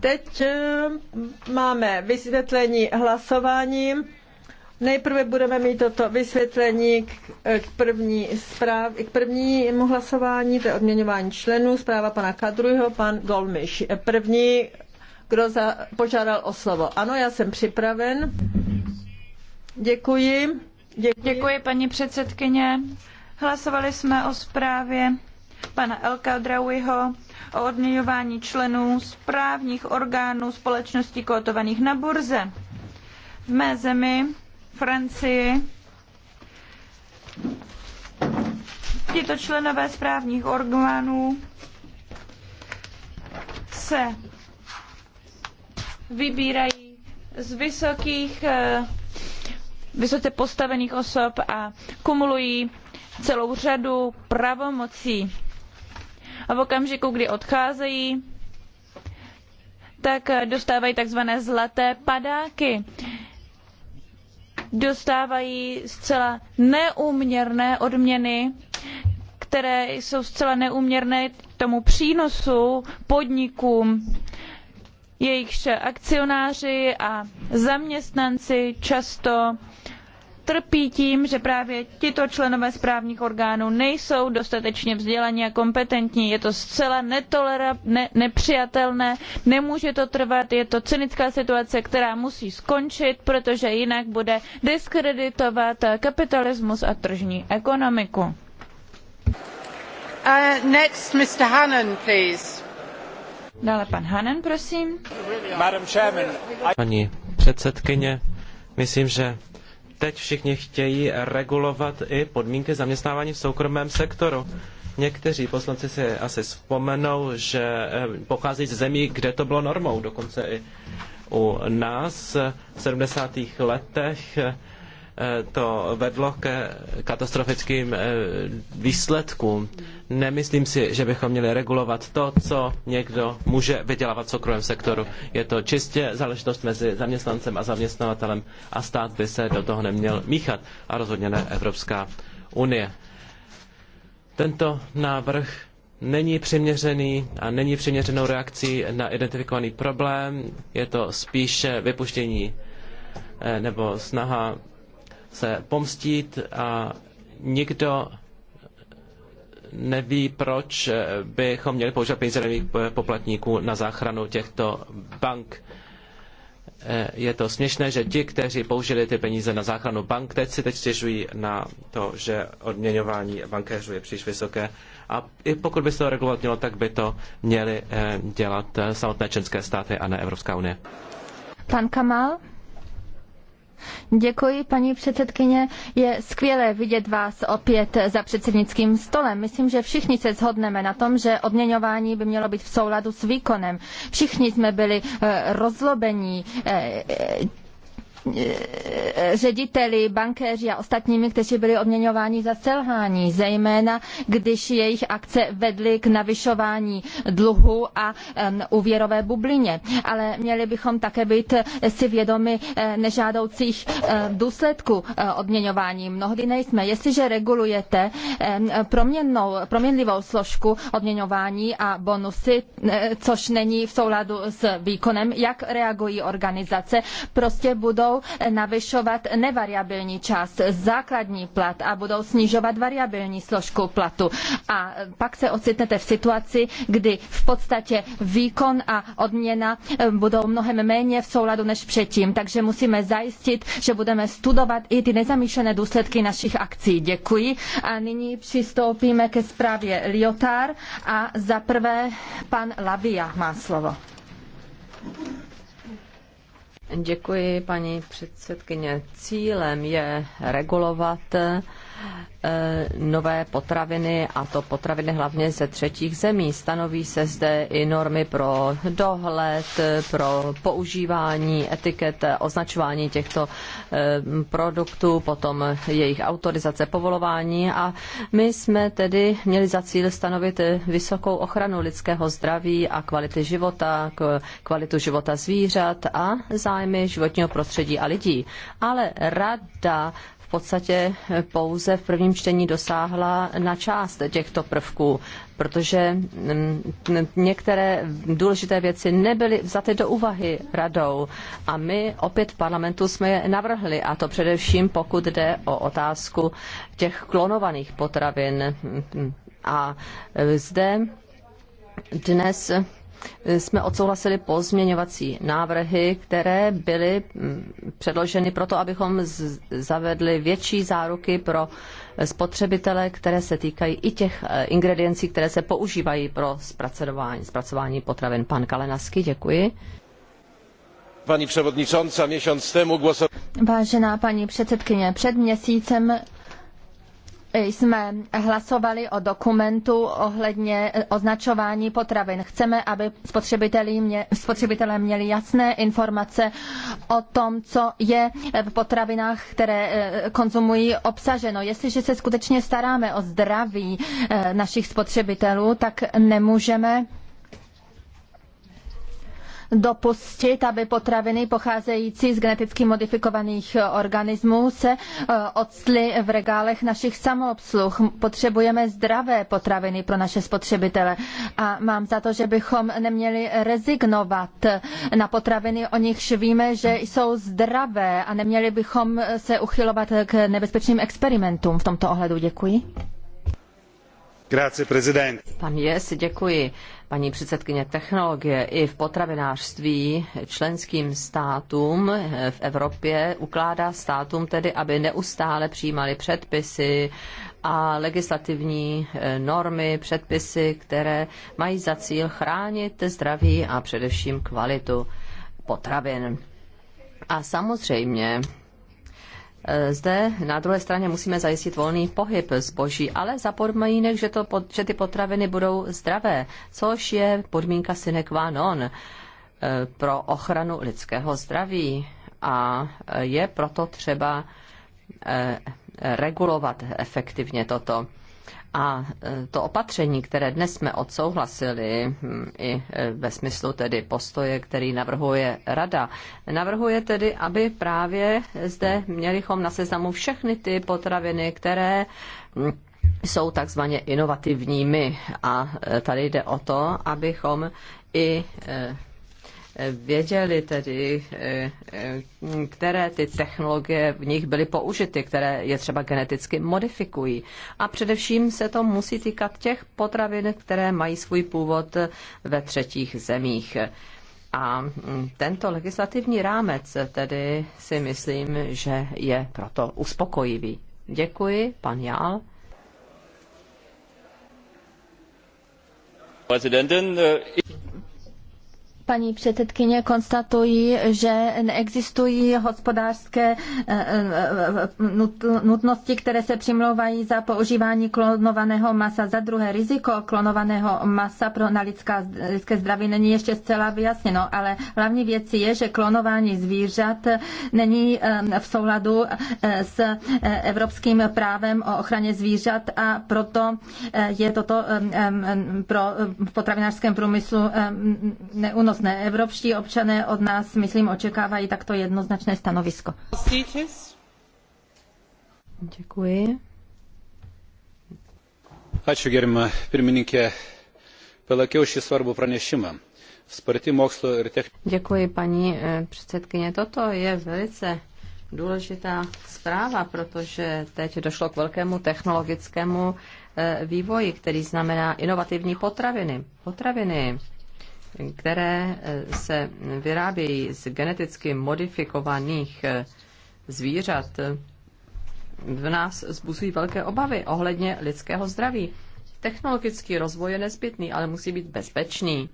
Teď eh, máme vysvětlení hlasování. Nejprve budeme mít toto vysvětlení k, eh, k, první zpráv, k prvnímu hlasování, to je odměňování členů, zpráva pana Kadruho, pan Golmiš. První, kdo za, požádal o slovo. Ano, já jsem připraven. Děkuji. Děkuji, Děkuji paní předsedkyně. Hlasovali jsme o zprávě pana Elka Drauiho o odměňování členů správních orgánů společností kotovaných na burze. V mé zemi, Francii, tito členové správních orgánů se vybírají z vysokých, eh, vysoce postavených osob a kumulují celou řadu pravomocí a v okamžiku, kdy odcházejí, tak dostávají takzvané zlaté padáky. Dostávají zcela neúměrné odměny, které jsou zcela neúměrné tomu přínosu podnikům, jejichž akcionáři a zaměstnanci často uh, trpí tím, že právě tito členové správních orgánů nejsou dostatečně vzdělaní a kompetentní. Je to zcela ne, nepřijatelné, nemůže to trvat, je to cynická situace, která musí skončit, protože jinak bude diskreditovat kapitalismus a tržní ekonomiku. Uh, next, Mr. Hannan, please. Dále pan Hannan, prosím. Paní předsedkyně, myslím, že teď všichni chtějí regulovat i podmínky zaměstnávání v soukromém sektoru. Někteří poslanci si asi vzpomenou, že eh, pocházejí z zemí, kde to bylo normou, dokonce i u nás v 70. letech Eh, to vedlo ke katastrofickým eh, výsledkům. Nemyslím si, že bychom měli regulovat to, co někdo může vydělávat v soukromém sektoru. Je to čistě záležitost mezi zaměstnancem a zaměstnavatelem a stát by se do toho neměl míchat a rozhodně ne Evropská unie. Tento návrh není přiměřený a není přiměřenou reakcí na identifikovaný problém. Je to spíše vypuštění eh, nebo snaha se pomstit a nikdo neví, proč bychom měli používat peníze daňových poplatníků na záchranu těchto bank. Je to směšné, že ti, kteří použili ty peníze na záchranu bank, teď si teď stěžují na to, že odměňování bankéřů je příliš vysoké. A i pokud by se to regulovat mělo, tak by to měly eh, dělat eh, samotné členské státy a ne Evropská unie. Pan Kamal? Děkuji, paní předsedkyně. Je skvělé vidět vás opět za předsednickým stolem. Myslím, že všichni se shodneme na tom, že odměňování by mělo být v souladu s výkonem. Všichni jsme byli eh, rozlobení eh, Eh, řediteli, bankéři a ostatními, kteří byli odměňováni za selhání, zejména když jejich akce vedly k navyšování dluhu a úvěrové bublině. Ale měli bychom také být eh, si vědomi eh, nežádoucích důsledků odměňování. Mnohdy nejsme. Jestliže regulujete proměnnou, proměnlivou složku odměňování a bonusy, což není v souladu s výkonem, jak reagují organizace, prostě budou budou navyšovat nevariabilní část, základní plat a budou snižovat variabilní složku platu. A pak se ocitnete v situaci, kdy v podstatě výkon a odměna eh, budou mnohem méně v souladu než předtím. Takže musíme zajistit, že budeme studovat i ty nezamýšlené důsledky našich akcí. Děkuji. A nyní přistoupíme ke zprávě Lyotard a za prvé pan Lavia má slovo. Děkuji, paní předsedkyně. Cílem je regulovat Eh, nové potraviny, a to potraviny hlavně ze třetích zemí. Stanoví se zde i normy pro dohled, pro používání etiket, označování těchto eh, produktů, potom jejich autorizace, povolování. A my jsme tedy měli za cíl stanovit vysokou ochranu lidského zdraví a kvality života, kvalitu života zvířat a zájmy životního prostředí a lidí. Ale rada podstatě pouze v prvním čtení dosáhla na část těchto prvků, protože mm, některé důležité věci nebyly vzaty do úvahy radou a my opět v parlamentu jsme je navrhli a to především pokud jde o otázku těch klonovaných potravin. A e, zde dnes jsme odsouhlasili pozměňovací návrhy, které byly mm, předloženy proto, abychom zavedli větší záruky pro spotřebitele, které se týkají i těch eh, ingrediencí, které se používají pro zpracování, zpracování potravin. Pan Kalenasky, děkuji paní předsedkyně, před měsícem jsme hlasovali o dokumentu ohledně eh, označování potravin. Chceme, aby spotřebitelé měli jasné informace o tom, co je v potravinách, které eh, konzumují obsaženo. Jestliže se skutečně staráme o zdraví eh, našich spotřebitelů, tak nemůžeme dopustit, aby potraviny pocházející z geneticky modifikovaných organismů se e, odstly v regálech našich samoobsluh. Potřebujeme zdravé potraviny pro naše spotřebitele a mám za to, že bychom neměli rezignovat na potraviny, o nichž víme, že jsou zdravé a neměli bychom se uchylovat k nebezpečným experimentům v tomto ohledu. Děkuji. Pan Jes, děkuji. Paní předsedkyně technologie i v potravinářství členským státům v Evropě ukládá státům tedy, aby neustále přijímali předpisy a legislativní eh, normy, předpisy, které mají za cíl chránit zdraví a především kvalitu potravin. A samozřejmě Eh, zde na druhé straně musíme zajistit volný pohyb zboží, ale za podmínek, že, to, že ty potraviny budou zdravé, což je podmínka sine qua non eh, pro ochranu lidského zdraví a eh, je proto třeba regulovat efektivně toto. A e, to opatření, které dnes jsme odsouhlasili, hm, i e, ve smyslu tedy postoje, který navrhuje Rada, navrhuje tedy, aby právě zde mělichom na seznamu všechny ty potraviny, které hm, jsou takzvaně inovativními. A e, tady jde o to, abychom i věděli tedy, eh, které ty technologie v nich byly použity, které je třeba geneticky modifikují. A především se to musí týkat těch potravin, které mají svůj původ ve třetích zemích. A tento legislativní rámec tedy si myslím, že je proto uspokojivý. Děkuji, pan Jál. Prezidentin, eh, Paní předsedkyně, konstatuji, že neexistují hospodářské eh, eh, eh, nutnosti, které se přimlouvají za používání klonovaného masa. Za druhé, riziko klonovaného masa pro na lidská, lidské zdraví není ještě zcela vyjasněno, ale hlavní věcí je, že klonování zvířat není v souladu s evropským právem o ochraně zvířat a proto je toto pro v potravinářském průmyslu neúnosné současné Evropští občané od nás, myslím, očekávají takto jednoznačné stanovisko. Děkuji. Ačiū gerima pirmininkė. Palakiau šį svarbų pranešimą. Sparti mokslo ir technikų. Děkuji, paní e, předsedkyně. Toto je velice důležitá zpráva, protože teď došlo k velkému technologickému e, vývoji, který znamená inovativní potraviny. Potraviny, které eh, se vyrábějí z geneticky modifikovaných eh, zvířat, eh, v nás zbuzují velké obavy ohledně lidského zdraví. Technologický rozvoj je nezbytný, ale musí být bezpečný.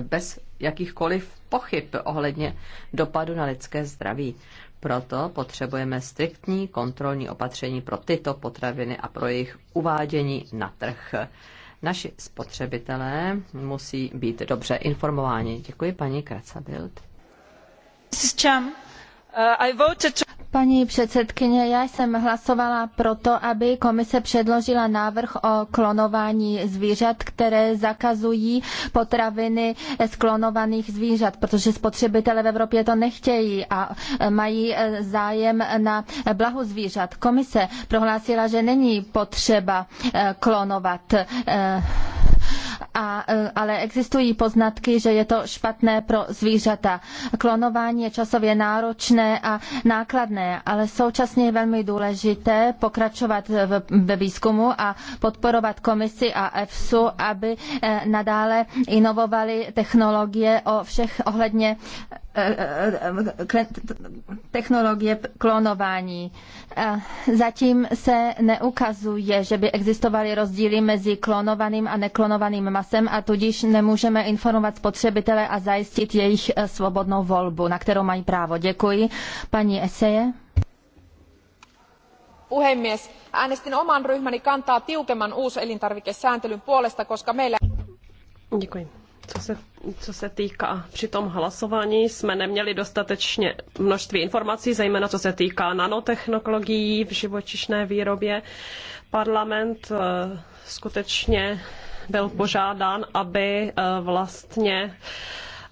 Bez jakýchkoliv pochyb ohledně dopadu na lidské zdraví. Proto potřebujeme striktní kontrolní opatření pro tyto potraviny a pro jejich uvádění na trh. Naši spotřebitelé musí být dobře informováni. Děkuji paní Kracabild. Mrs. Chum. Uh, Paní předsedkyně, já jsem hlasovala proto, aby komise předložila návrh o klonování zvířat, které zakazují potraviny z klonovaných zvířat, protože spotřebitelé v Evropě to nechtějí a e, mají e, zájem na blahu zvířat. Komise prohlásila, že není potřeba e, klonovat a, e, ale existují poznatky, že je to špatné pro zvířata. Klonování je časově náročné a nákladné, ale současně je velmi důležité pokračovat ve výzkumu a podporovat komisi a EFSU, aby e, nadále inovovali technologie o všech ohledně Eh, eh, eh, technologie klonování. Zatím se neukazuje, že by existovaly rozdíly mezi klonovaným a neklonovaným masem a tudíž nemůžeme informovat spotřebitele a zajistit jejich svobodnou volbu, na kterou mají právo. Děkuji. Paní Eseje. Puhemies, äänestin oman ryhmäni kantaa tiukemman uuselintarvikesääntelyn puolesta, koska meillä... Děkuji co se, co se týká při tom hlasování, jsme neměli dostatečně množství informací, zejména co se týká nanotechnologií v živočišné výrobě. Parlament eh, skutečně byl požádán, aby eh, vlastně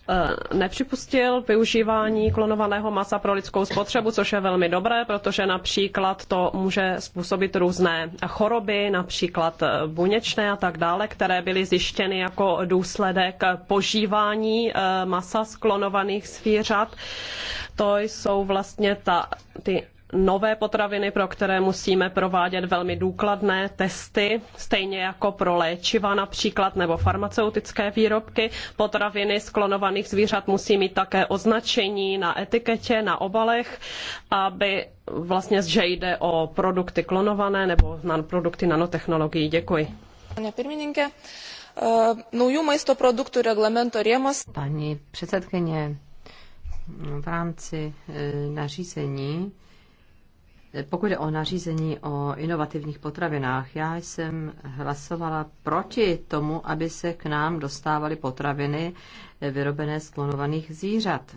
Eh, nepřipustil využívání klonovaného masa pro lidskou spotřebu, což je velmi dobré, protože například to může způsobit různé choroby, například eh, buněčné a tak dále, které byly zjištěny jako důsledek požívání eh, masa z klonovaných zvířat. To jsou vlastně ta, ty nové potraviny, pro které musíme provádět velmi důkladné testy, stejně jako pro léčiva například nebo farmaceutické výrobky. Potraviny z klonovaných zvířat musí mít také označení na etiketě, na obalech, aby vlastně, že jde o produkty klonované nebo na produkty nanotechnologií. Děkuji. Eh, Paní předsedkyně, v rámci eh, nařízení pokud je o nařízení o inovativních potravinách, já jsem hlasovala proti tomu, aby se k nám dostávaly potraviny eh, vyrobené z klonovaných zvířat.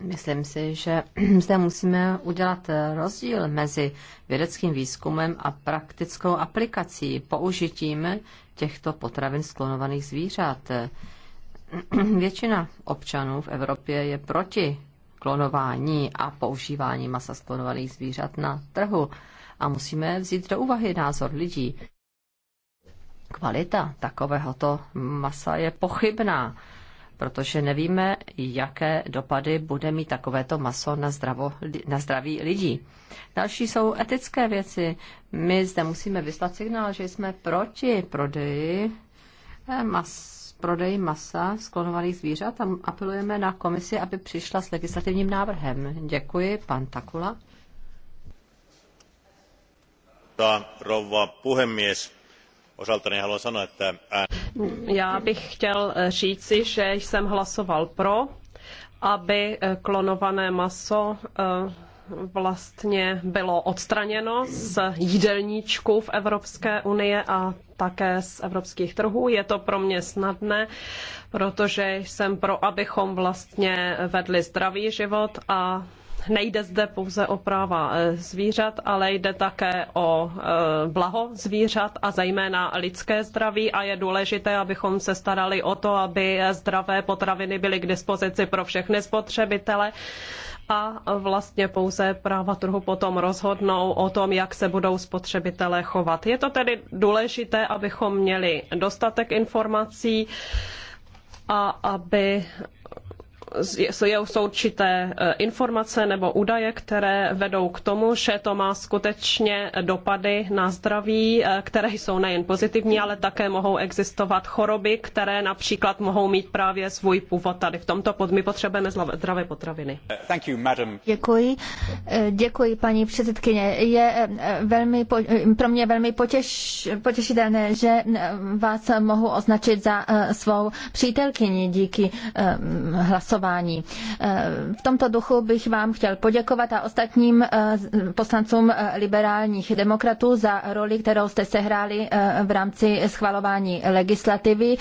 Myslím si, že zde musíme udělat rozdíl mezi vědeckým výzkumem a praktickou aplikací, použitím těchto potravin z klonovaných zvířat. Většina občanů v Evropě je proti klonování a používání masa z klonovaných zvířat na trhu. A musíme vzít do úvahy názor lidí. Kvalita takovéhoto masa je pochybná, protože nevíme, jaké dopady bude mít takovéto maso na, zdravo, na zdraví lidí. Další jsou etické věci. My zde musíme vyslat signál, že jsme proti prodeji eh, mas prodej masa z klonovaných zvířat. a apelujeme na komisi, aby přišla s legislativním návrhem. Děkuji, pan Takula. Rouva puhemies, osaltani haluan sanoa, että... Já bych chtěl eh, říci, že jsem hlasoval pro, aby eh, klonované maso eh, vlastně bylo odstraněno z jídelníčků v Evropské unie a také z evropských trhů. Je to pro mě snadné, protože jsem pro, abychom vlastně vedli zdravý život a nejde zde pouze o práva eh, zvířat, ale jde také o eh, blaho zvířat a zejména lidské zdraví a je důležité, abychom se starali o to, aby zdravé potraviny byly k dispozici pro všechny spotřebitele a vlastně pouze práva trhu potom rozhodnou o tom, jak se budou spotřebitelé chovat. Je to tedy důležité, abychom měli dostatek informací a aby jsou určité e, informace nebo údaje, které vedou k tomu, že to má skutečně dopady na zdraví, e, které jsou nejen pozitivní, ale také mohou existovat choroby, které například mohou mít právě svůj původ tady. V tomto pod my potřebujeme zdravé potraviny. Děkuji. E, děkuji, paní předsedkyně. Je velmi, pro mě velmi potěš, potěšitelné, že vás mohu označit za svou přítelkyni díky hlasování hlasování. Eh, v tomto duchu bych vám chtěl poděkovat a ostatním eh, poslancům eh, liberálních demokratů za roli, kterou jste sehráli v rámci schvalování legislativy.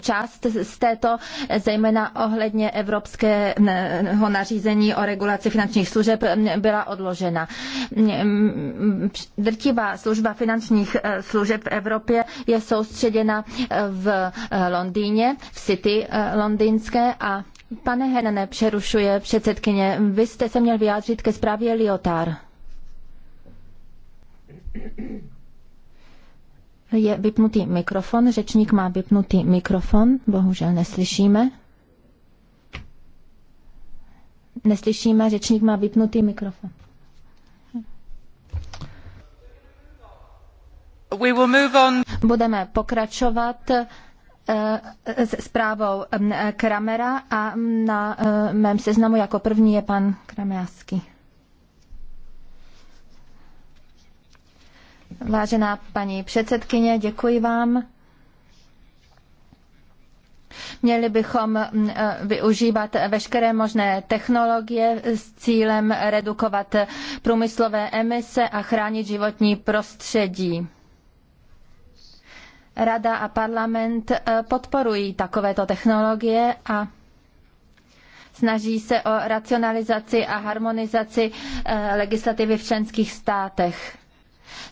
Část z této, zejména ohledně evropského nařízení o regulaci finančních služeb, byla odložena. Mm, drtivá služba finančních služeb v Evropě je soustředěna v Londýně, v City londýnské a Pane Henene, přerušuje předsedkyně, vy jste se měl vyjádřit ke zprávě Liotár. Je vypnutý mikrofon, řečník má vypnutý mikrofon, bohužel neslyšíme. Neslyšíme, řečník má vypnutý mikrofon. Budeme pokračovat. Eh, zprávou eh, Kramera a na eh, mém seznamu jako první je pan Kramerský. Vážená paní předsedkyně, děkuji vám. Měli bychom mm, využívat veškeré možné technologie s cílem redukovat průmyslové emise a chránit životní prostředí. Rada a parlament eh, podporují takovéto technologie a snaží se o racionalizaci a harmonizaci eh, legislativy v členských státech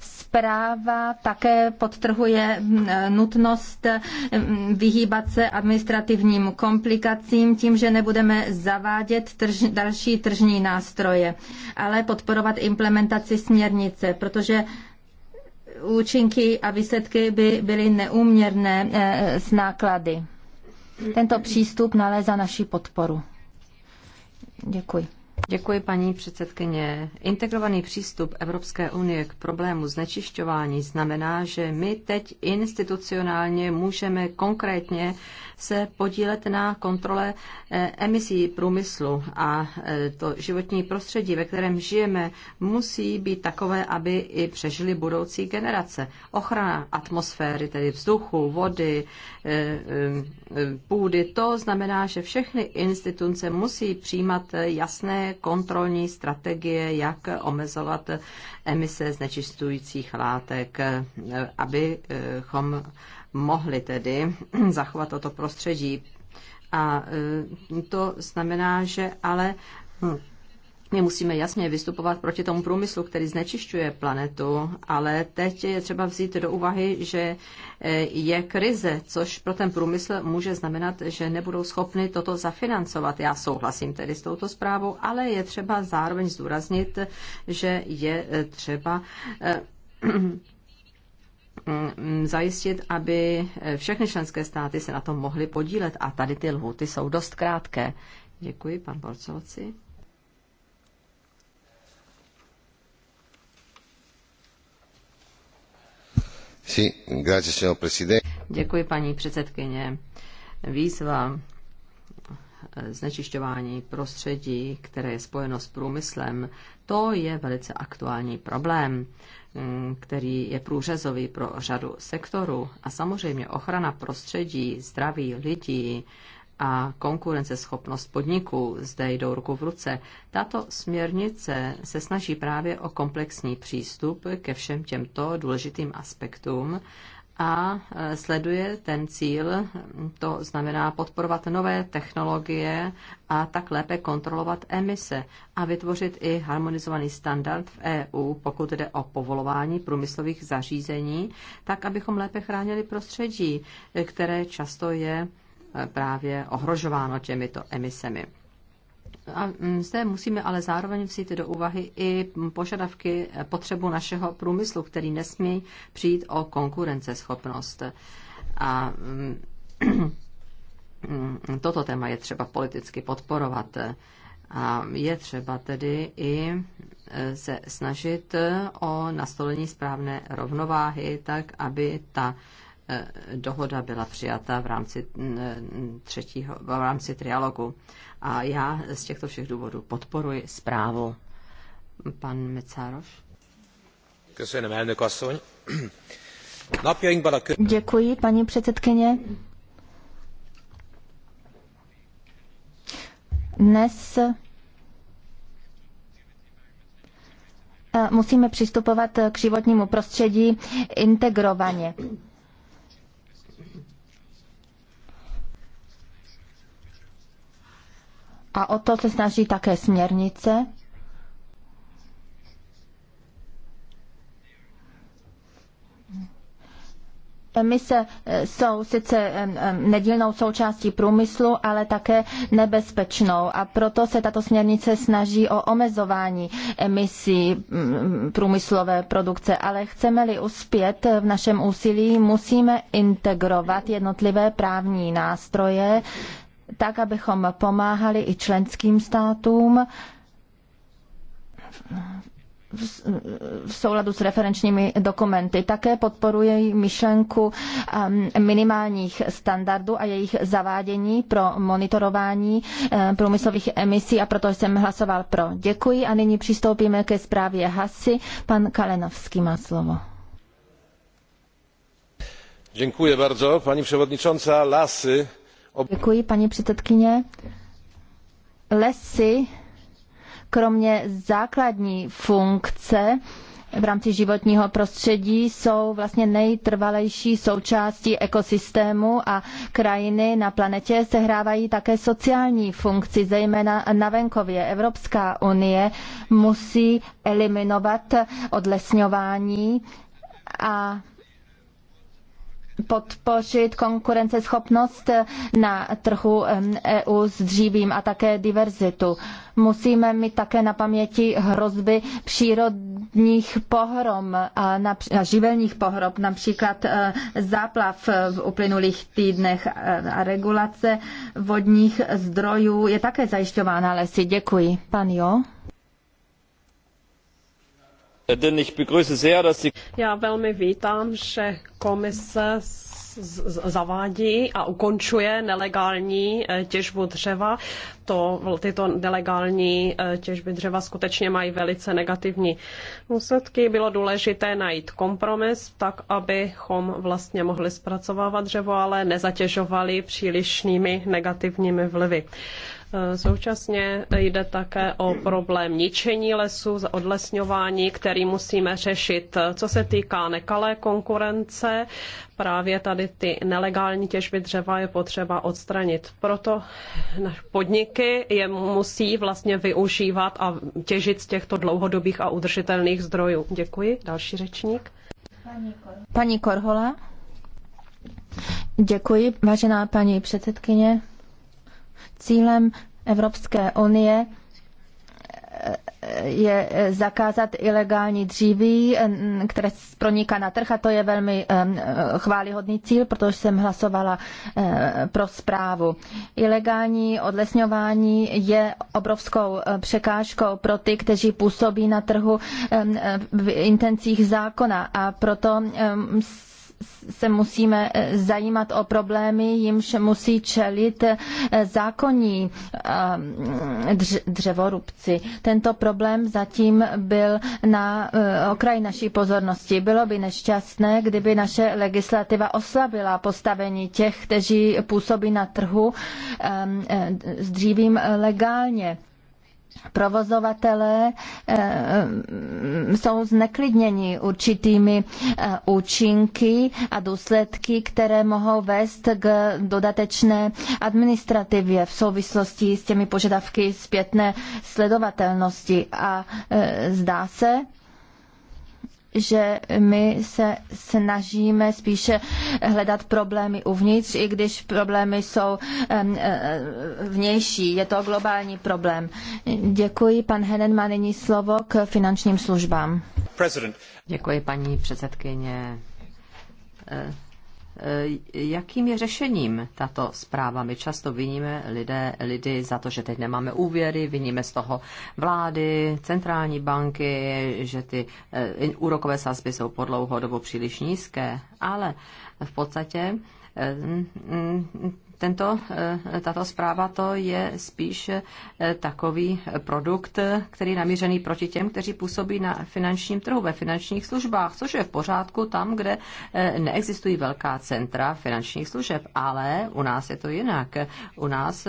zpráva také podtrhuje mm, eh, nutnost mm, vyhýbat se administrativním komplikacím tím, že nebudeme zavádět trž, další tržní nástroje, ale podporovat implementaci směrnice, protože účinky a výsledky by byly neúměrné eh, s náklady. Tento přístup nalézá naši podporu. Děkuji. Děkuji, paní předsedkyně. Integrovaný přístup Evropské unie k problému znečišťování znamená, že my teď institucionálně můžeme konkrétně se podílet na kontrole eh, emisí průmyslu a eh, to životní prostředí, ve kterém žijeme, musí být takové, aby i přežili budoucí generace. Ochrana atmosféry, tedy vzduchu, vody, eh, půdy, to znamená, že všechny instituce musí přijímat jasné kontrolní strategie, jak omezovat emise znečistujících látek, abychom mohli tedy zachovat toto prostředí. A e, to znamená, že ale hm, my musíme jasně vystupovat proti tomu průmyslu, který znečišťuje planetu, ale teď je třeba vzít do úvahy, že e, je krize, což pro ten průmysl může znamenat, že nebudou schopni toto zafinancovat. Já souhlasím tedy s touto zprávou, ale je třeba zároveň zdůraznit, že je e, třeba e, zajistit, aby všechny členské státy se na tom mohly podílet. A tady ty lhuty jsou dost krátké. Děkuji, pan Borcovci. Děkuji, paní předsedkyně. Výzva eh, znečišťování prostředí, které je spojeno s průmyslem, to je velice aktuální problém, mm, který je průřezový pro řadu sektorů. A samozřejmě ochrana prostředí, zdraví lidí a konkurenceschopnost podniků zde jdou ruku v ruce. Tato směrnice se snaží právě o komplexní přístup ke všem těmto důležitým aspektům a e, sleduje ten cíl, to znamená podporovat nové technologie a tak lépe kontrolovat emise a vytvořit i harmonizovaný standard v EU, pokud jde o povolování průmyslových zařízení, tak abychom lépe chránili prostředí, e, které často je právě ohrožováno těmito emisemi. A mm, zde musíme ale zároveň vzít do úvahy i požadavky eh, potřebu našeho průmyslu, který nesmí přijít o konkurenceschopnost. A mm, toto téma je třeba politicky podporovat. A je třeba tedy i eh, se snažit o nastolení správné rovnováhy, tak aby ta Eh, dohoda byla přijata v rámci mm, eh, třetího, v rámci trialogu. A já z těchto všech důvodů podporuji zprávu. Pan Mecároš. Děkuji, paní předsedkyně. Dnes eh, musíme přistupovat k životnímu prostředí integrovaně. A o to se snaží také směrnice. Emise eh, jsou sice eh, eh, nedílnou součástí průmyslu, ale také nebezpečnou a proto se tato směrnice snaží o omezování emisí mm, průmyslové produkce. Ale chceme-li uspět v našem úsilí, musíme integrovat jednotlivé právní nástroje tak, abychom pomáhali i členským státům v souladu s referenčními dokumenty. Také podporuje myšlenku um, minimálních standardů a jejich zavádění pro monitorování um, průmyslových emisí a proto jsem hlasoval pro. Děkuji a nyní přistoupíme ke zprávě Hasy. Pan Kalenovský má slovo. Děkuji bardzo. Pani przewodnicząca, lasy Děkuji, paní předsedkyně. Lesy, kromě základní funkce, v rámci životního prostředí jsou vlastně nejtrvalejší součástí ekosystému a krajiny na planetě sehrávají také sociální funkci, zejména na venkově. Evropská unie musí eliminovat odlesňování a podpořit konkurenceschopnost na trhu EU e s dřívím a také diverzitu. Musíme mít také na paměti hrozby přírodních pohrom a, a živelních pohrob, například eh, záplav v uplynulých týdnech a regulace vodních zdrojů je také zajišťována lesy. Děkuji. Pan Jo. Já velmi vítám, že komise zavádí a ukončuje nelegální eh, těžbu dřeva. To, tyto nelegální eh, těžby dřeva skutečně mají velice negativní důsledky. Bylo důležité najít kompromis, tak abychom vlastně mohli zpracovávat dřevo, ale nezatěžovali přílišnými negativními vlivy. Eh, současně jde také o problém ničení lesů, odlesňování, který musíme řešit. Co se týká nekalé konkurence, právě tady ty nelegální těžby dřeva je potřeba odstranit. Proto podniky je musí vlastně využívat a těžit z těchto dlouhodobých a udržitelných zdrojů. Děkuji. Další řečník. Paní Korhola. Děkuji, vážená paní předsedkyně. Cílem Evropské unie eh, je zakázat ilegální dříví, které proniká na trh a to je velmi eh, chválihodný cíl, protože jsem hlasovala eh, pro zprávu. Ilegální odlesňování je obrovskou překážkou pro ty, kteří působí na trhu v intencích zákona a proto se musíme eh, zajímat o problémy, jimž musí čelit eh, zákonní eh, dřevorubci. Tento problém zatím byl na okraji naší pozornosti. Bylo by nešťastné, kdyby naše legislativa oslabila postavení těch, kteří působí na trhu s dřívím legálně provozovatelé eh, eh, jsou zneklidněni určitými eh, účinky a důsledky, které mohou vést k dodatečné administrativě v souvislosti s těmi požadavky zpětné sledovatelnosti. A zdá se, že my se snažíme spíše hledat problémy uvnitř, i když problémy jsou vnější. Je to globální problém. Děkuji. Pan Henen má nyní slovo k finančním službám. President. Děkuji, paní předsedkyně. Eh, jakým je řešením tato zpráva. My často viníme lidé, lidi za to, že teď nemáme úvěry, viníme z toho vlády, centrální banky, že ty eh, úrokové sazby jsou po dlouhou dobu příliš nízké, ale v podstatě eh, mm, mm, tento, eh, tato zpráva to je spíš eh, takový produkt, který je namířený proti těm, kteří působí na finančním trhu, ve finančních službách, což je v pořádku tam, kde eh, neexistují velká centra finančních služeb, ale u nás je to jinak. U nás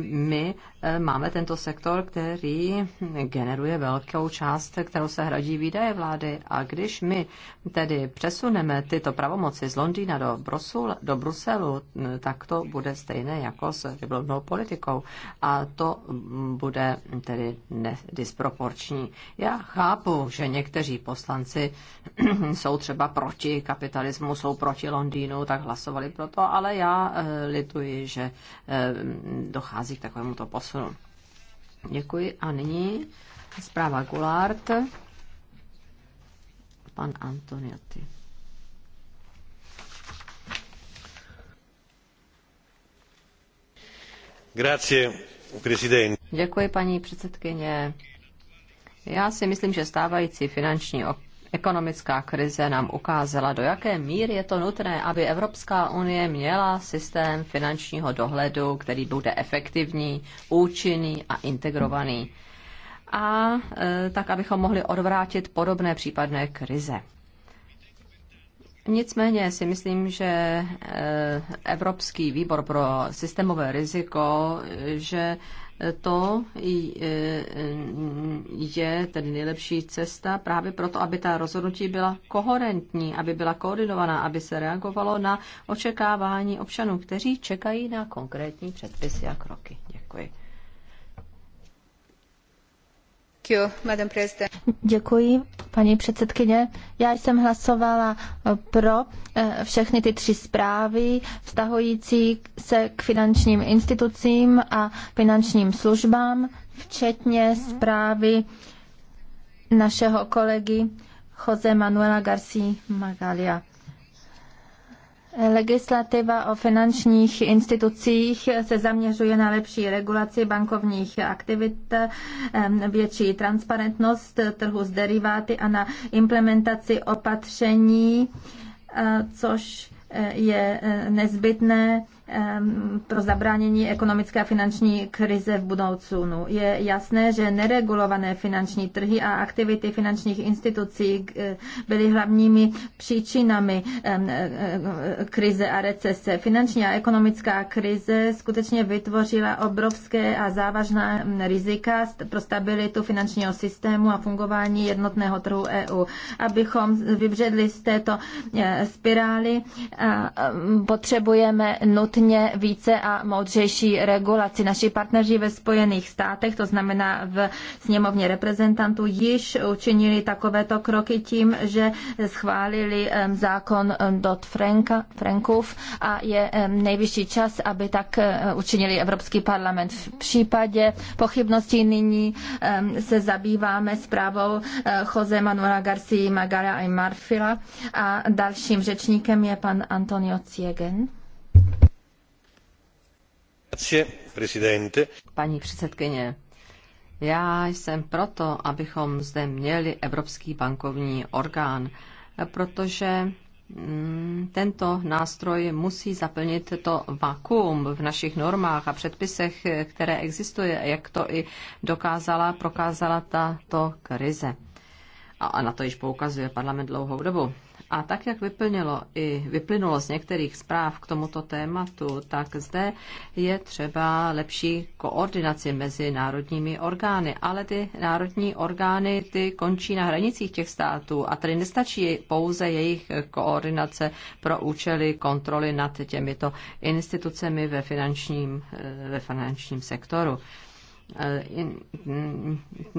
my máme tento sektor, který generuje velkou část, kterou se hradí výdaje vlády a když my tedy přesuneme tyto pravomoci z Londýna do, Brusul, do Bruselu, mm, tak to bude stejné jako s rybolovnou politikou a to bude tedy nedisproporční. Já chápu, že někteří poslanci jsou třeba proti kapitalismu, jsou proti Londýnu, tak hlasovali pro to, ale já eh, lituji, že eh, dochází k takovémuto posunu. Děkuji a nyní zpráva Gulard. Pan Antoniotti. Děkuji, paní předsedkyně. Já si myslím, že stávající finanční ekonomická krize nám ukázala, do jaké míry je to nutné, aby Evropská unie měla systém finančního dohledu, který bude efektivní, účinný a integrovaný. A e, tak, abychom mohli odvrátit podobné případné krize. Nicméně si myslím, že eh, Evropský výbor pro systémové riziko, že to eh, je tedy nejlepší cesta právě proto, aby ta rozhodnutí byla koherentní, aby byla koordinovaná, aby se reagovalo na očekávání občanů, kteří čekají na konkrétní předpisy a kroky. Děkuji. Děkuji, paní předsedkyně. Já jsem hlasovala eh, pro eh, všechny ty tři zprávy vztahující se k finančním institucím a finančním službám, včetně zprávy našeho kolegy Jose Manuela García Magalia. Legislativa o finančních institucích se zaměřuje na lepší regulaci bankovních aktivit, větší transparentnost trhu s deriváty a na implementaci opatření, e, což e, je e, nezbytné pro zabránění ekonomické a finanční krize v budoucnu. Je jasné, že neregulované finanční trhy a aktivity finančních institucí eh, byly hlavními příčinami eh, eh, krize a recese. Finanční a ekonomická krize skutečně vytvořila obrovské a závažná rizika pro stabilitu finančního systému a fungování jednotného trhu EU. Abychom vybředli z této spirály, potřebujeme nutně nutně vlastně více a moudřejší regulaci. Naši partneři ve Spojených státech, to znamená v sněmovně reprezentantů, již učinili takovéto kroky tím, že schválili zákon dot Franka, Frankův a je nejvyšší čas, aby tak eh, učinili Evropský parlament. V případě pochybností nyní se zabýváme zprávou eh, Jose Manuela Garcia Magara i Marfila a dalším řečníkem je pan Antonio Ciegen. Paní předsedkyně, já jsem proto, abychom zde měli Evropský bankovní orgán, protože mm, tento nástroj musí zaplnit to vakuum v našich normách a předpisech, které existuje, jak to i dokázala, prokázala tato krize. A na to již poukazuje parlament dlouhou dobu. A tak, jak vyplnilo i vyplynulo z některých zpráv k tomuto tématu, tak zde je třeba lepší koordinaci mezi národními orgány. Ale ty národní orgány, ty končí na hranicích těch států a tady nestačí pouze jejich koordinace pro účely kontroly nad těmito institucemi ve finančním, eh, ve finančním sektoru. Eh,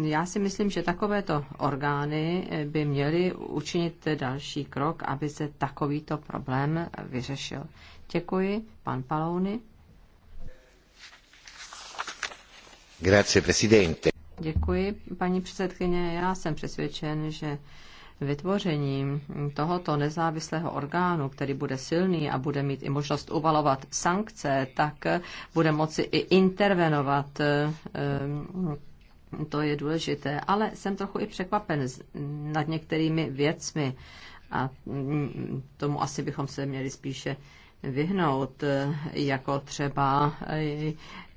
já si myslím, že takovéto orgány eh, by měly učinit další krok, aby se takovýto problém vyřešil. Děkuji, pan Palouny. Grazie, presidente. Děkuji, paní předsedkyně. Já jsem přesvědčen, že vytvořením tohoto nezávislého orgánu, který bude silný a bude mít i možnost uvalovat sankce, tak bude moci i intervenovat ehm, to je důležité, ale jsem trochu i překvapen nad některými věcmi a mm, tomu asi bychom se měli spíše vyhnout, jako třeba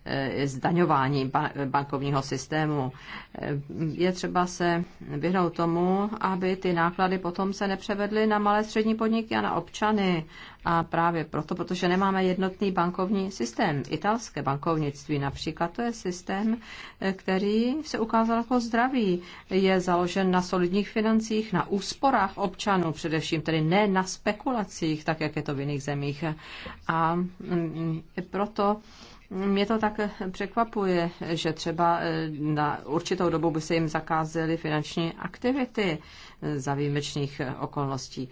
Eh, zdaňování bankovního systému. Eh, je třeba se vyhnout tomu, aby ty náklady potom se nepřevedly na malé střední podniky a na občany. A právě proto, protože nemáme jednotný bankovní systém. Italské bankovnictví například, to je systém, eh, který se ukázal jako zdravý. Je založen na solidních financích, na úsporách občanů, především tedy ne na spekulacích, tak jak je to v jiných zemích. A mm, mm, proto mě to tak překvapuje, že třeba eh, na určitou dobu by se jim zakázaly finanční aktivity eh, za výjimečných eh, okolností.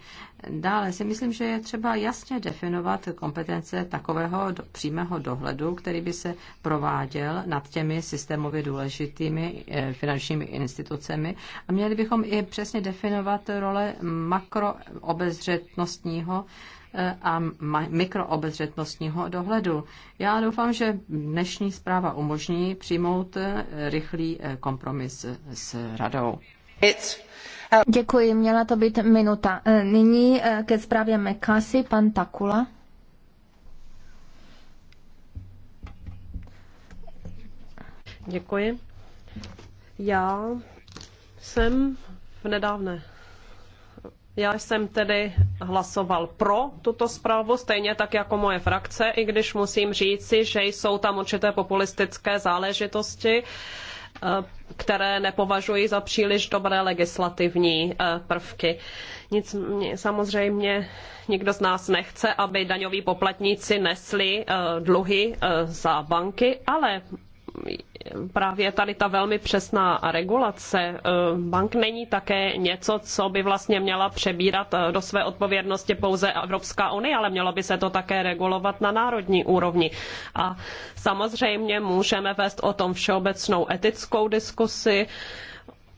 Dále si myslím, že je třeba jasně definovat kompetence takového přímého dohledu, který by se prováděl nad těmi systémově důležitými finančními institucemi a měli bychom i přesně definovat role makroobezřetnostního a mikroobezřetnostního dohledu. Já doufám, že dnešní zpráva umožní přijmout eh, rychlý eh, kompromis eh, s radou. Děkuji, měla to být minuta. Nyní ke zprávě Mekasi, pan Takula. Děkuji. Já jsem v nedávné já jsem tedy hlasoval pro tuto zprávu, stejně tak jako moje frakce, i když musím říci, že jsou tam určité populistické záležitosti, eh, které nepovažuji za příliš dobré legislativní eh, prvky. Nic, samozřejmě nikdo z nás nechce, aby daňoví poplatníci nesli eh, dluhy za banky, ale právě tady ta velmi přesná regulace eh, bank není také něco, co by vlastně měla přebírat eh, do své odpovědnosti pouze Evropská unie, ale mělo by se to také regulovat na národní úrovni. A samozřejmě můžeme vést o tom všeobecnou etickou diskusi,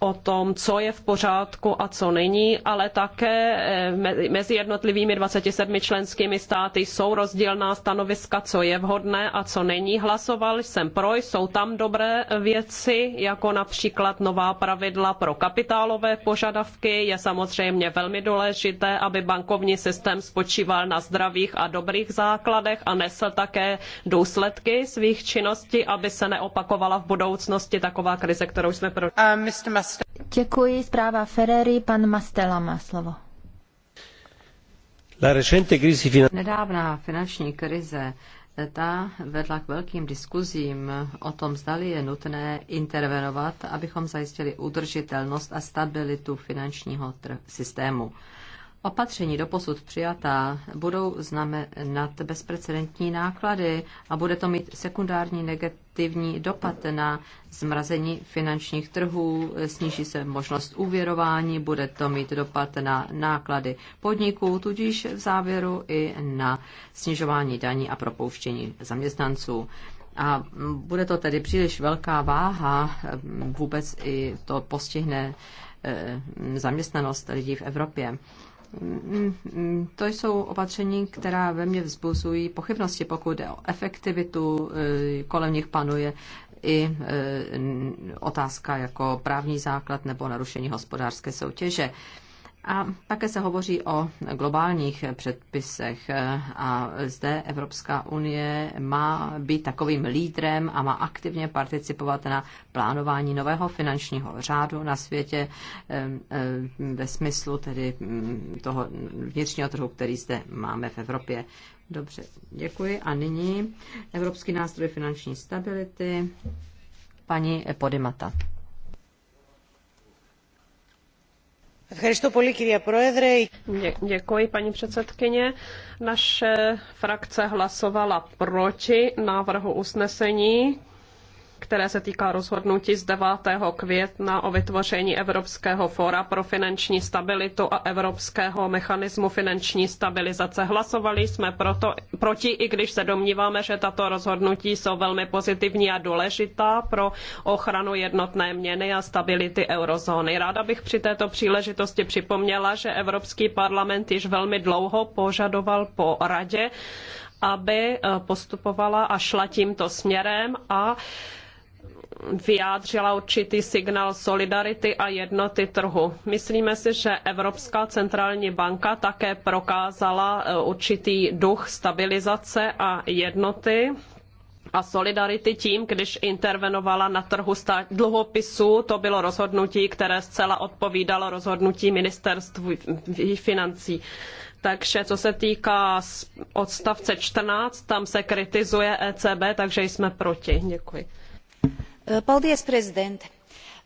o tom, co je v pořádku a co není, ale také eh, mezi jednotlivými 27 členskými státy jsou rozdílná stanoviska, co je vhodné a co není. Hlasoval jsem pro, jsou tam dobré věci, jako například nová pravidla pro kapitálové požadavky. Je samozřejmě velmi důležité, aby bankovní systém spočíval na zdravých a dobrých základech a nesl také důsledky svých činností, aby se neopakovala v budoucnosti taková krize, kterou jsme pro. Děkuji, zpráva Ferrari, pan Mastela má slovo. Nedávná finanční krize eh, ta vedla k velkým diskuzím o tom, zdali je nutné intervenovat, abychom zajistili udržitelnost a stabilitu finančního systému. Opatření doposud přijatá budou znamenat bezprecedentní náklady a bude to mít sekundární negativní dopad na zmrazení finančních trhů, sníží se možnost úvěrování, bude to mít dopad na náklady podniků, tudíž v závěru i na snižování daní a propouštění zaměstnanců. A bude to tedy příliš velká váha, vůbec i to postihne eh, zaměstnanost lidí v Evropě. Mm, to jsou opatření, která ve mně vzbuzují pochybnosti, pokud jde o efektivitu, eh, kolem nich panuje i eh, otázka jako právní základ nebo narušení hospodářské soutěže. A také se hovoří o globálních předpisech a zde Evropská unie má být takovým lídrem a má aktivně participovat na plánování nového finančního řádu na světě ve smyslu tedy mm, toho vnitřního trhu, který zde máme v Evropě. Dobře, děkuji. A nyní Evropský nástroj finanční stability, paní Podimata. Děkuji, paní předsedkyně. Naše frakce hlasovala proti návrhu usnesení, které se týká rozhodnutí z 9. května o vytvoření Evropského fóra pro finanční stabilitu a Evropského mechanismu finanční stabilizace. Hlasovali jsme proto, proti, i když se domníváme, že tato rozhodnutí jsou velmi pozitivní a důležitá pro ochranu jednotné měny a stability eurozóny. Ráda bych při této příležitosti připomněla, že Evropský parlament již velmi dlouho požadoval po radě, aby eh, postupovala a šla tímto směrem a vyjádřila určitý signál solidarity a jednoty trhu. Myslíme si, že Evropská centrální banka také prokázala eh, určitý duch stabilizace a jednoty a solidarity tím, když intervenovala na trhu dluhopisů. To bylo rozhodnutí, které zcela odpovídalo rozhodnutí ministerstva financí. Takže co se týká odstavce 14, tam se kritizuje ECB, takže jsme proti. Děkuji. Eh, paldies, prezident.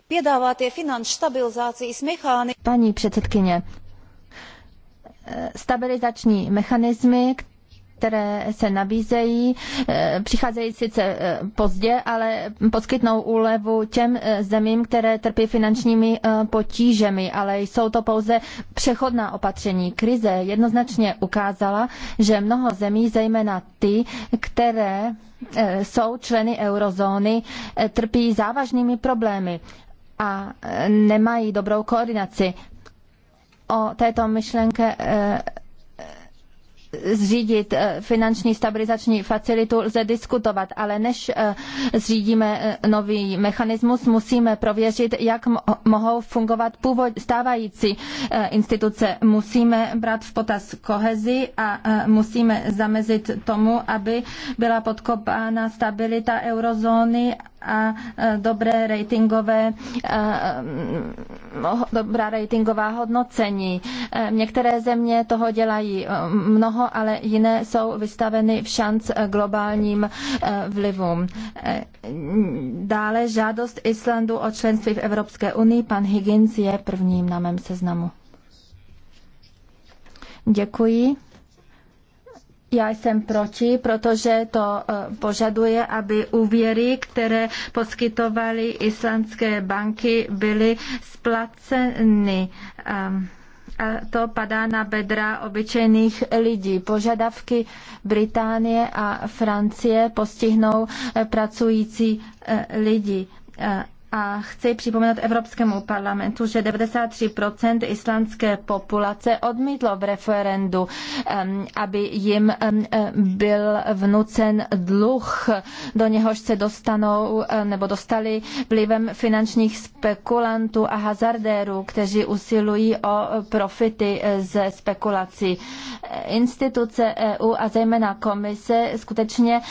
Piedāvātie finanšu stabilizācijas mehānismy. Paní předsedkyně, eh, stabilizační mechanismy, které se nabízejí, eh, přicházejí sice eh, pozdě, ale poskytnou úlevu těm eh, zemím, které trpí finančními potížemi, ale jsou to pouze přechodná opatření. Krize jednoznačně ukázala, že mnoho zemí, zejména ty, které jsou členy eurozóny, trpí závažnými problémy a nemají dobrou koordinaci. O této myšlenke zřídit eh, finanční stabilizační facilitu, lze diskutovat, ale než eh, zřídíme eh, nový mechanismus, musíme prověřit, jak mohou fungovat původ stávající instituce. Musíme brát v potaz kohezi a musíme zamezit tomu, aby byla podkopána stabilita eurozóny a e, dobré ratingové, e, dobrá ratingová hodnocení. E, některé země toho dělají mnoho, ale jiné jsou vystaveny v šanc globálním vlivům. Dále žádost Islandu o členství v Evropské unii. Pan Higgins je prvním na mém seznamu. Děkuji. Já jsem proti, protože to eh, požaduje, aby úvěry, které poskytovaly islandské banky, byly splaceny. Ehm, a to padá na bedra obyčejných lidí. Požadavky Británie a Francie postihnou eh, pracující eh, lidi a chci připomenout Evropskému parlamentu, že 93% islandské populace odmítlo v referendu, aby jim byl vnucen dluh, do něhož se dostanou nebo dostali vlivem finančních spekulantů a hazardérů, kteří usilují o profity e, ze spekulací. Instituce EU a zejména komise skutečně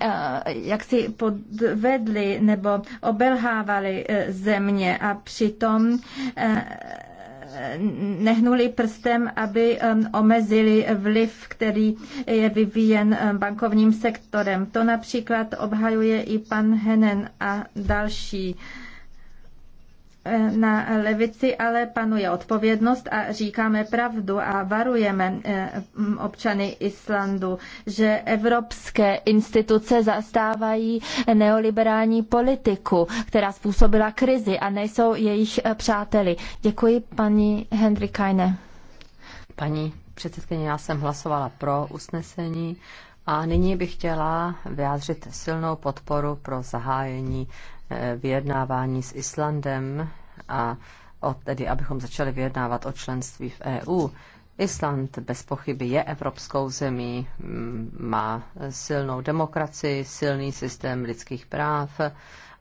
e, jak si podvedly nebo obelhávají podporovaly eh, země a přitom eh, nehnuli prstem, aby eh, omezili vliv, který je vyvíjen bankovním sektorem. To například obhajuje i pan Henen a další. E, na levici ale panuje odpovědnost a říkáme pravdu a varujeme e, občany Islandu, že evropské instituce zastávají neoliberální politiku, která způsobila krizi a nejsou jejich e, přáteli. Děkuji paní Hendrikajne. Paní předsedkyně, já jsem hlasovala pro usnesení a nyní bych chtěla vyjádřit silnou podporu pro zahájení Eh, vyjednávání s Islandem a o, tedy abychom začali vyjednávat o členství v EU. Island bez pochyby je evropskou zemí, mm, má silnou demokracii, silný systém lidských práv,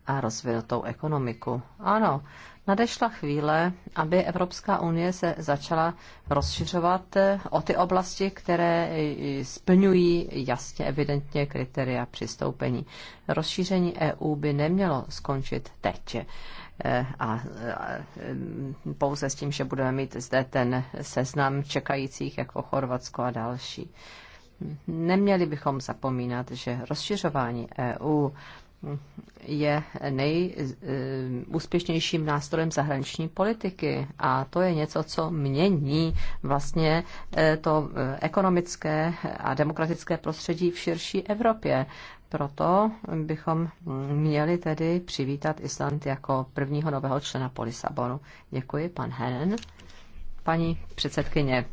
a rozvinutou ekonomiku. Ano, nadešla chvíle, aby Evropská unie se začala rozšiřovat o ty oblasti, které splňují jasně evidentně kritéria přistoupení. Rozšíření EU by nemělo skončit teď eh, a eh, pouze s tím, že budeme mít zde ten seznam čekajících jako Chorvatsko a další. Neměli bychom zapomínat, že rozšiřování EU je nejúspěšnějším nástrojem zahraniční politiky. A to je něco, co mění vlastně eh, to eh, ekonomické a demokratické prostředí v širší Evropě. Proto bychom měli tedy přivítat Island jako prvního nového člena po Lisabonu. Děkuji, pan Henen. Paní předsedkyně,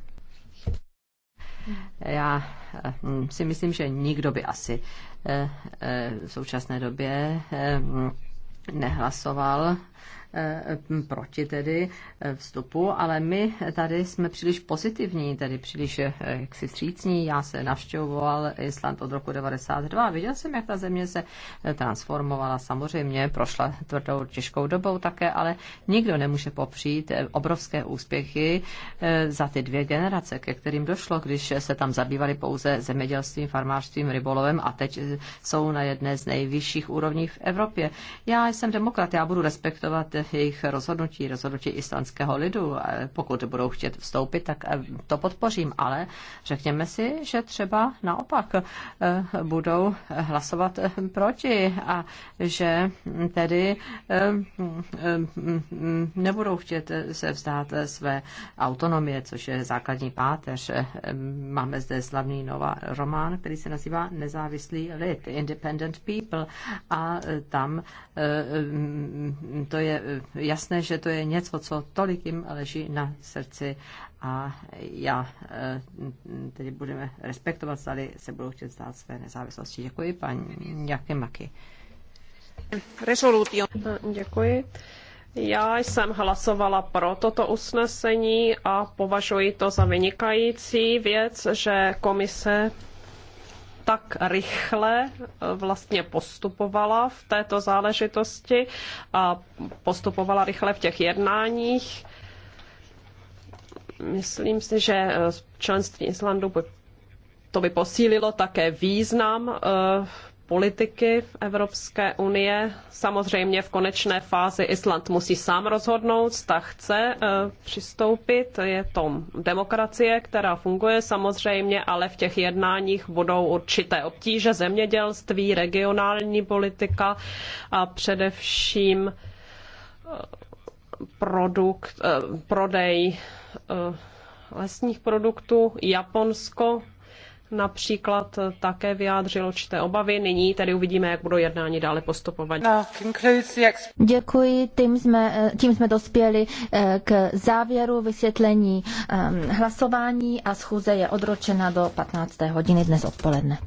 já eh, mm, si myslím, že nikdo by asi eh, eh, v současné době mm, nehlasoval Eh, proti tedy eh, vstupu, ale my tady jsme příliš pozitivní, tedy příliš eh, jaksi střícní. Já se navštěvoval Island od roku 92. Viděl jsem, jak ta země se transformovala. Samozřejmě prošla tvrdou, těžkou dobou také, ale nikdo nemůže popřít obrovské úspěchy za ty dvě generace, ke kterým došlo, když se tam zabývali pouze zemědělstvím, farmářstvím, rybolovem a teď jsou na jedné z nejvyšších úrovní v Evropě. Já jsem demokrat, já budu respektovat jejich rozhodnutí, rozhodnutí islandského lidu. Pokud budou chtět vstoupit, tak eh, to podpořím, ale řekněme si, že třeba naopak eh, budou hlasovat eh, proti a že tedy mm, mm, nebudou chtět se vzdát své autonomie, což je základní páteř. Máme zde slavný nová román, který se nazývá Nezávislý lid, Independent People a tam mm, to je jasné, že to je něco, co tolik jim leží na srdci a já eh, tedy budeme respektovat, zdali se budou chtět zdát své nezávislosti. Děkuji, paní Jakemaky. Resolutio. No, děkuji. Já jsem hlasovala pro toto usnesení a považuji to za vynikající věc, že komise tak rychle eh, vlastně postupovala v této záležitosti a postupovala rychle v těch jednáních. Myslím si, že eh, členství Islandu by to by posílilo také význam eh, politiky v Evropské unie. Samozřejmě v konečné fázi Island musí sám rozhodnout, zda chce eh, přistoupit. Je to demokracie, která funguje samozřejmě, ale v těch jednáních budou určité obtíže zemědělství, regionální politika a především eh, produkt, eh, prodej lesních produktů. Japonsko například také vyjádřil určité obavy. Nyní tedy uvidíme, jak budou jednání dále postupovat. Děkuji, tím jsme, eh, tím jsme dospěli eh, k závěru vysvětlení ehm, hlasování a schůze je odročena do 15. hodiny dnes odpoledne.